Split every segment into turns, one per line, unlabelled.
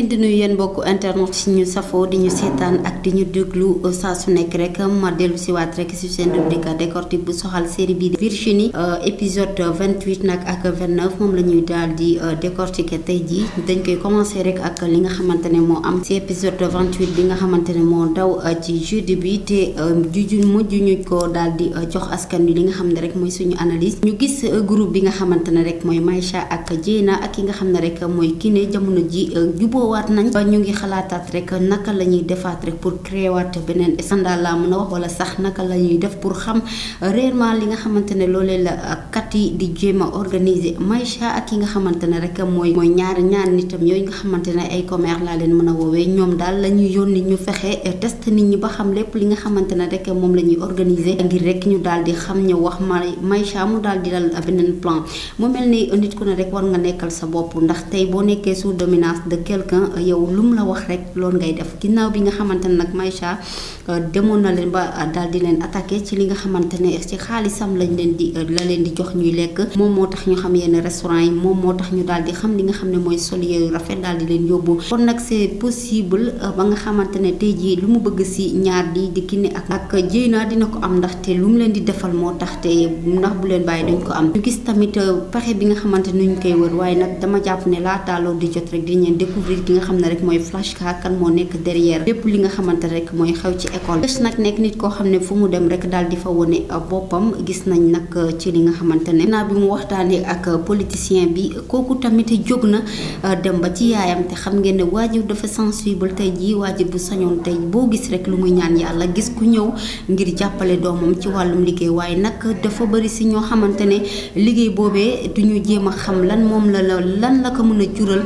leen di nuyu yéen mbokku internet ci ñu safo di ñu seetaan ak di ñu déglu saa su nekk rek ma dellu si waat rek si seen rubrique décortique bu soxal série bi Virginie euh, épisode 28 nak ak 29 moom la ñuy daal di euh, décortiquer tey jii dañ koy commencer rek ak li nga xamante ne moo am si épisode 28 bi nga xamante ne moo daw euh, ci jeudi bi te juju mujj ñu ko daal di jox askan bi li nga xam ne rek mooy suñu analyse ñu gis groupe bi nga xamante ne rek mooy Maïcha ak Dieyna ak ki nga xam ne rek mooy Kiné jamono ji juboo war nañ ba ñu ngi xalaataat rek naka la ñuy defaat rek pour créer waat beneen scandale laa mën a wax wala sax naka la ñuy def pour xam réellement li nga xamante ne loolee la kat yi di jéem a organiser Maïcha ak yi nga xamante ne rek mooy mooy ñaari ñaar nitam yooyu nga xamante ne ay commerce laa leen mën a woowee ñoom daal la ñu yónni ñu fexe test nit ñi ba xam lépp li nga xamante ne rek moom la ñuy ngir rek ñu daal di xam ñu wax ma Maïcha mu daal di dal beneen plan mu mel ni nit ku ne rek war nga nekkal sa bopp ndax tey boo nekkee sous dominance de quelqu'un na euh, yow lu mu la wax rek loolu ngay def ginnaaw bi nga xamante ne nag Maïcha euh, demoon na leen ba euh, daal di leen attaqué ci li nga xamante ne ci xaalisam lañ leen di la leen di jox ñuy lekk moom moo tax ñu xam yenn restaurant yi moom moo tax ñu daal di xam li nga xam ne mooy sol yooyu rafet daal di leen yóbbu kon nag c'est possible ba nga xamante ne tey jii lu mu bëgg si ñaar di di Kiné ak ak Dieyna dina ko am ndax te lu mu leen di defal moo tax te ndax bu leen bàyyi dañ ko am ñu gis tamit pexe bi nga xamante ne koy wër waaye nag dama jàpp ne laataaloo di jot rek di ñeen découvrir lire ki nga xamne rek moy flash ka kan mo nek derrière lepp li nga xamante rek moy xew ci école gis nak nek nit ko xamne ne fu mu dem rek daal di fa woné bopam gis nañ nak euh, ci li nga xamante na bi mu waxtaanee ak euh, politicien bi koku tamit jogna euh, dem ba ci yaayam te xam ngeen ne wajib dafa sensible tay ji wajib bu sañon tay bo gis rek lu muy ñaan yalla gis ku ñew ngir jappalé domam ci walum liggéey way nak dafa bari ci ño xamante ne liggéey bobé duñu jema xam lan mom la lan la ko mëna jural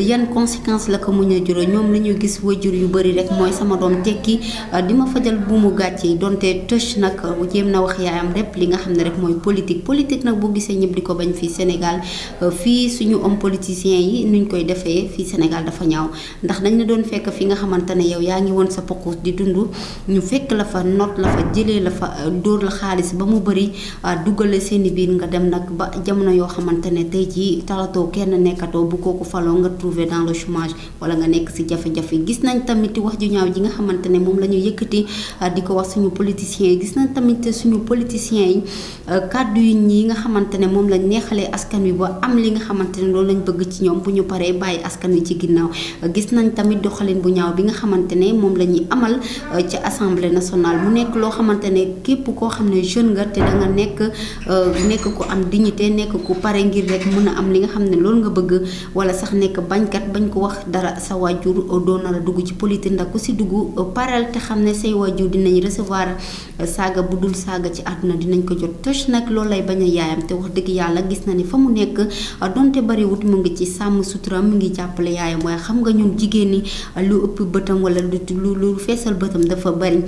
yan conséquence la ko mu ñu juro ñom la ñu gis wajur yu bari rek moy sama dom tekki ah, di ma fajal bu mu donté donte nak nag ah, jëm na wax yaayam rep li nga xam rek moy politique politique nak bu gisé ñep diko bañ fi Sénégal ah, fi suñu homme politicien yi nuñ koy défé fi Sénégal dafa ñaaw ndax dañ na doon fekk fi nga xamantane yow yaangi won sa pokus di dundu ñu fekk la fa not la fa jëlé la fa door la xaaliss ba mu bari duggal seen biir nga dem nak ba jamono yo xamante tay ji talato kenn nekkato bu kooku falo nga retrouver dans le chômage wala nga nek si jafé jafé gis nañ tamit wax ju ñaaw ji nga xamantene mom lañu yëkëti ah, diko wax suñu politiciens gis nañ tamit suñu politiciens cadre ah, yi ñi nga xamantene mom lañ neexalé askan wi bo am li nga xamantene ne lañ bëgg ci ñom bu ñu paree askan wi ci ginnaw ah, gis nañ tamit doxalin bu ñaaw bi nga xamantene mom amal ci assemblée nationale mu nekk lo xamantene képp ko xamné jeune nga té da nga nekk nekk ko am dignité nekk ko paré ngir rek mëna am li nga xamné lool nga bëgg wala sax nekk kat bañ ko wax dara sa wajur euh, doon la dugg ci politique ndax ku si dugg euh, paral te xamne say wajur dinañ recevoir euh, saga budul saga ci aduna dinañ ko jot tosh nak lolay baña yaayam te wax deug yalla gis na ni famu nek donte bari wut mu ngi ci sam mu ngi jappale yaay moy xam nga ñun jigeen ni lu upp beutam wala lu lu fessel beutam dafa bari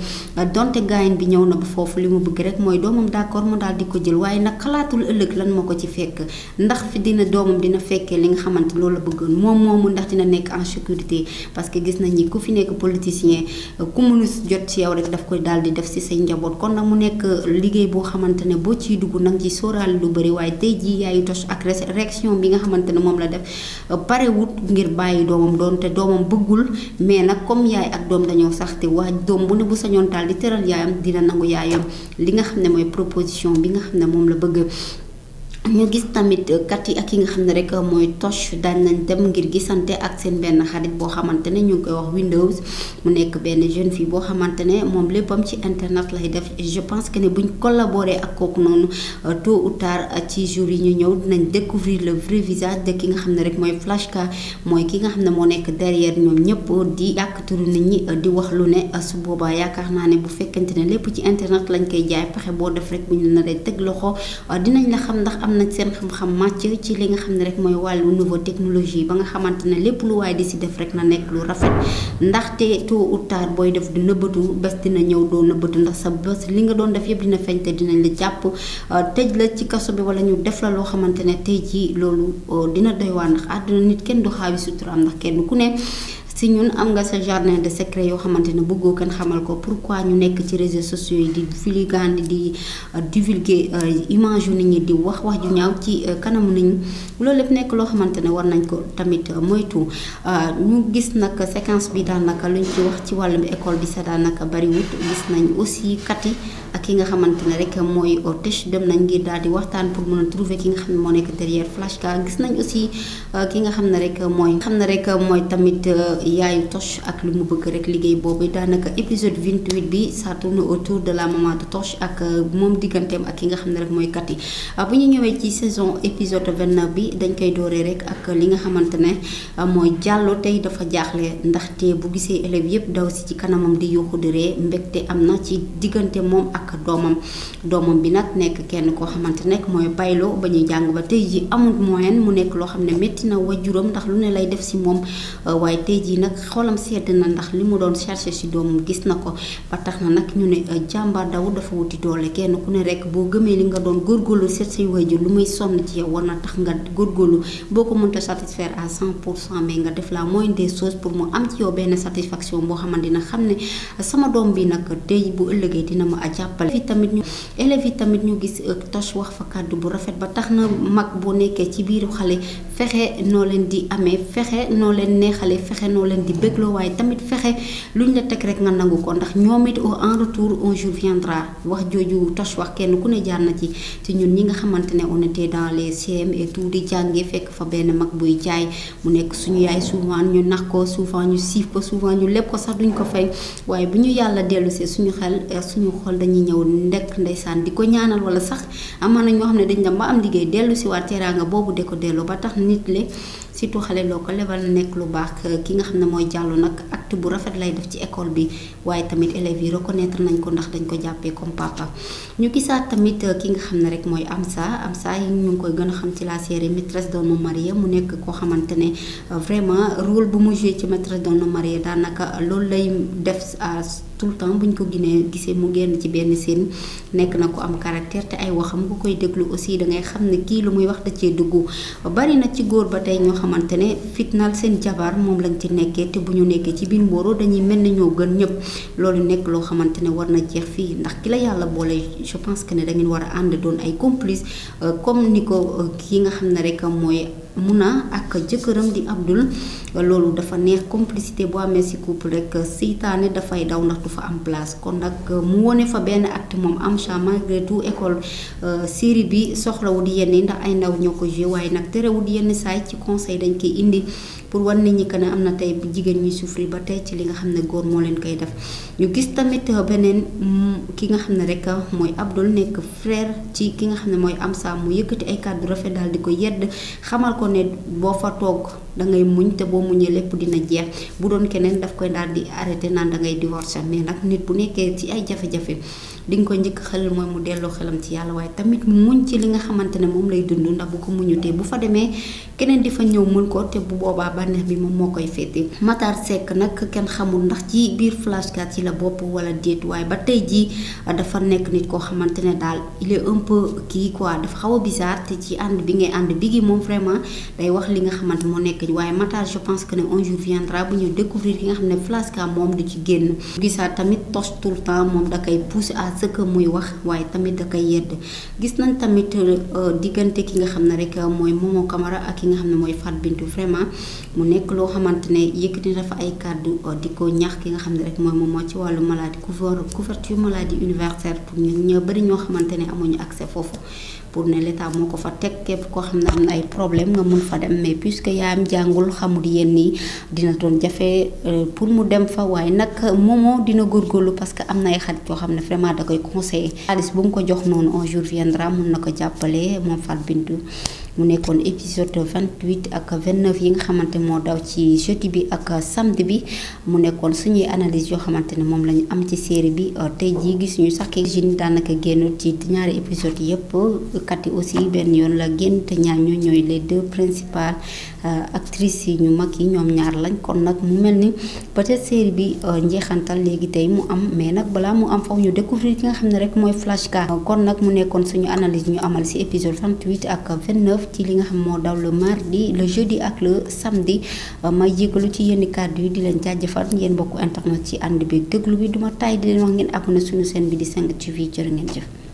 donte gaayen bi ñew na ba foofu li bëgg rek moy d'accord mu dal di ko jël waye nak xalaatul ëlëk lan moko ci fekk ndax fi dina doomam dina fekke li nga xamanteni lolu bëggoon moom mu ndax dina nekk en sécurité parce que gis nañ ni ku fi nekk politicien ku mënu jot ci yow rek daf koy daal di def ci say njaboot kon nag mu nekk liggéey boo xamante ne boo ciy dugg nag ci sóoraale lu bëri waaye tey jii yaayu tos ak réaction bi nga xamante ne moom la def pare ngir bàyyi doomam doon te doomam bëggul mais nag comme yaay ak doom dañoo sax waa doom bu ne bu sañoon daal di tëral yaayam dina nangu yaayam li nga xam ne mooy proposition bi nga xam ne moom la bëgg ñu gis tamit kat yi ak yi nga xamne rek moy Toch dañ nañ dem ngir gisante ak seen benn xarit bo xamantene ñu ngi koy wax Windows mu nekk benn jeune fille bo xamantene mom leppam ci internet lay def je pense que ne buñ collaborer ak kooku noonu euh, tôt ou tard euh, ci jour yi ñu ñëw dinañ découvrir le vrai visage de ki nga xamne rek moy Flashka moy ki nga xamne mo nekk derrière ñom ñëpp di yàq turu nit ñi euh, di wax lu ne su boobaa yaakar naa ne bu fekkente ne lépp ci internet lañ koy jaay pexe bo def rek buñ ñu la naree teg loxo dinañ la xam ndax am am nañ seen xam-xam màcc ci li nga xam ne rek mooy wàllu nouveau technologie ba nga xamante ne lépp lu waaye di si def rek na nekk lu rafet ndaxte tôt ou tard booy def di nëbbatu bés dina ñëw doo nëbbatu ndax sa bés li nga doon def yëpp dina feeñ te dinañ la jàpp euh, tëj la ci kaso bi wala ñu def la loo xamante ne tey jii loolu euh, dina doy waar ndax àdduna nit kenn du xaawi suturaam ndax kenn ku ne si ñun am nga sa jardin de secret yo xamantene bëggoo xamal ko pourquoi ñu nekk ci réseaux sociaux di filigande di euh, divulguer euh, image ñi di wax wax ju ñaaw ci euh, kanamu nit ñi loolu lepp nekk loo xamantene war nañ ko tamit moytu ñu gis nak séquence bi daanaka luñ ci wax ci wàllum école bi sa bari wut gis nañ aussi kati ak ki nga xamantene ne rek mooy tesh dem nañ ngir daal di waxtaan pour mën a trouver ki nga xam ne moo nekk derrière flash gis nañ aussi ki nga xam ne rek mooy xam rek mooy tamit yaayu Toch ak lu mu bëgg rek liggéey boobu daanaka épisode 28 bi ça tourne autour de la maman de Toch ak euh, moom digganteem ak ki nga xam ne mooy kat euh, bu ñu ñëwee ci saison épisode 29 bi dañ koy dooree rek ak li nga xamante ne euh, mooy jàllo tey dafa jaaxle ndaxte bu gisee élèves yëpp daw si ci kanamam di yuuxu di ree mbégte am na ci diggante moom ak doomam doomam bi nag nekk kenn koo xamante nekk mooy paylo ba ñuy jàng ba tey ji amul moyen mu nekk loo xam ne metti na juróom ndax lu ne lay def si moom waaye tey ji nag xoolam sedd na ndax li mu doon cherché ci doomam gis na ko ba tax na nag ñu ne euh, jàmbaar daw dafa wuti doole kenn ku ne rek boo gëmee li nga doon góor góorgóorlu seet say waajur lu muy sonn ci yow war na tax nga góor góorlu boo ko mënta satisfaire à 100 pour cent mais nga def la moindre des choses pour mu am ci yow benn satisfaction boo xamante ne xam ne euh, sama doom bi nag tey bu ëllëgee dina ma ak jàppale. fi tamit ñu élèves yi tamit ñu gis euh, Toch wax fa kàddu bu rafet ba tax na mag boo nekkee ci biiru xale fexe noo leen di amee fexe noo leen neexalee fexe noo leen di bégloo waaye tamit fexe lu ñu la teg rek nga nangu ko ndax ñoom it en retour un jour viendra wax jooju Toch wax kenn ku ne jaar na ci te ñun ñi nga xamante ne on était dans les CM et di jàngee fekk fa benn mag buy jaay mu nekk suñu yaay souvent ñu nax ko souvent ñu siif ko souvent ñu lépp ko sax duñ ko fay waaye bu ñu yàlla dellu see suñu xel eh, suñu xool dañuy ñëw ndekk ndeysaan di ko ñaanal wala sax amaan na ñoo xam ne dañ dem ba am liggéey dellu si waat boobu de ko delloo nit le surtout xale loo ko lebal na nekk lu baax euh, ki nga xam ne mooy jàllu nag acte bu rafet lay def ci école bi waaye tamit élèves yi reconnaître nañ ko ndax dañ ko jàppee comme papa ñu gisaat tamit euh, ki nga xam ne rek mooy Amsa Amsa yi ñu ngi koy gën a xam ci la série maîtresse d'un homme marié mu nekk koo xamante ne euh, vraiment rôle bu mu joué ci maîtresse d'un homme marié daanaka loolu lay def tout le temps bu ñu ko ginee gisee mu génn ci benn scène nekk na ko am caractère te ay waxam bu koy déglu aussi da ngay xam ne kii lu muy wax da cee dugg bari na ci góor ba tey ñoo xamante ne fitnaal seen jabar moom lañ ci nekkee te bu ñu nekkee ci biir mbooloo dañuy mel ne ñoo gën ñëpp loolu nekk loo xamante ne war na jeex fii ndax ki la yàlla boole je pense que ne da ngeen war a ànd doon ay complice euh, comme ni ko euh, ki nga xam ne rek mooy. Muna ak jëkkëram di Abdul loolu dafa neex complicité bu amee si couple rek seytaane dafay daw ndax du fa am place kon nag euh, mu wone fa benn acte moom am cha malgré tout école euh, série bi soxlawul yenn ndax ay ndaw ñoo ko joué waaye nag yenn saay ci conseil dañ koy indi pour wan nit ñi que ne am na tey jigéen ñuy souffrir ba tey ci li nga xam ne góor moo leen koy def ñu gis tamit beneen mm, ki nga xam ne rek mooy Abdul nekk frer ci ki nga xam ne mooy Amsa mu yëkkati ay kàddu rafet daal di ko yedd xamal ko ne boo fa toog. da ngay muñ te bo muñee lepp dina jeex bu doon keneen daf koy daal di arrêté naan da ngay divorce mais nak nit bu nekkee ci ay jafe-jafe di nga ko njëkk xelal mooy mu delloo xelam ci yàlla waaye tamit muñ ci li nga xamante ne moom lay dund ndax bu ko muñutee bu fa demee keneen di fa ñëw mën ko te bu boobaa bànneex bi moom moo koy féete Matar Seck nak kenn xamul ndax ci biir flashcard ci la bopp wala déet waaye ba tey ji dafa nekk nit koo xamante ne daal il est un peu kii quoi dafa xaw a bizarre te ci ànd bi ngay ànd bi gi moom vraiment day wax li nga xamante moo nekk Tëngéej waaye Matar je pense que ne un jour bu ñu découvrir ki nga xam ne Flasca moom di ci génn gisaa tamit tos tout temps moom da koy pousse à ce que muy wax waaye tamit da koy yedd gis nañ tamit euh, diggante ki nga xam ne rek mooy Momo Camara ak ki nga xam ne mooy Fat Bintou vraiment mu nekk loo xamante ne yëkkati dafa ay kàddu euh, di ko ñaax ki nga xam ne rek mooy Momo ci wàllu maladie couver couverture maladie universelle pour ñu ñoo bëri ñoo xamante ne amuñu accès foofu pour ne l'état moo ko fa teg képp koo xam ne am na ay problème nga mun fa dem mais puisque yaayam jàngul xamul yéen nii dina doon jafe euh, pour mu dem fa waaye nag moomoo dina góor parce que am na ay xarit yoo xam ne vraiment da koy conseillé xaalis bu mu ko jox noonu un jour viendra mun na ko jàppale moom Fatou Bintou mu nekkoon épisode vingt huit ak vingt neuf yi nga xamante moo daw ci jeudi bi ak samedi bi mu nekkoon suñuy analyse yoo xamante ne moom la ñu am ci série bi euh, tey jii gisuñu sax ki Jeunes daanaka génn ci ñaari épisode yëpp kat aussi benn yoon la génn te ñaar ñoo ñooy les deux principales. Euh, actrices yi ñu mag yi ñoom ñaar lañ kon nag mu mel ni peut-être série bi euh, njeexantal léegi tey mu am mais nag balaa mu am faw ñu découvrir ki nga xam ne rek mooy Flashka kon nag mu nekkoon suñu analyse ñu amal ci épisode 28 ak 29 ci li nga xam moo daw le mardi le jeudi ak le samedi euh, may jégalu ci yenn kàddu yi di leen jaajëfal ngeen bokk internet ci ànd bi déglu bi duma tay di leen wax ngeen abonné suñu chaîne bi di 5 TV jërë ngeen jëf